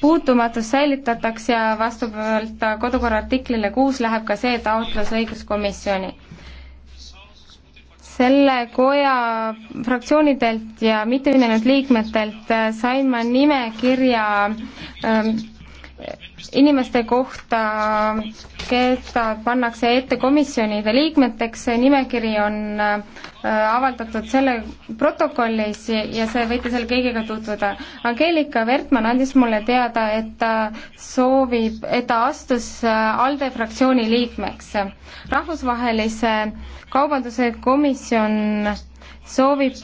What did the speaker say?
puutumatus säilitataks ja vastavalt kodukorra artiklile kuus läheb ka see taotlus õiguskomisjoni. selle koja fraktsioonidelt ja mitteühinenud liikmetelt äh, sain ma nimekirja ähm, inimeste kohta keda pannakse ette komisjonide liikmeteks, see nimekiri on äh, avaldatud selle protokollis ja see, võite seal kõigiga tutvuda. Angeelika Vertmann andis mulle teada, et ta soovib, et ta astus äh, ALDE fraktsiooni liikmeks. rahvusvahelise kaubanduse komisjon soovib